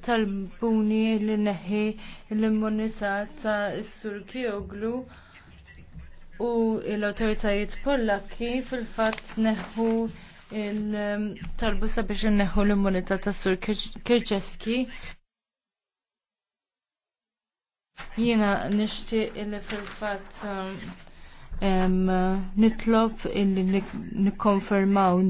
tal-buni li neħi l-immunità ta' Sur Kioglu u l-autoritajiet pollakki fil fat neħu il talbusa biex neħu l-immunità ta' Sur Kirċeski. Jiena nixtieq li fil-fatt um, nitlob illi nikkonfermaw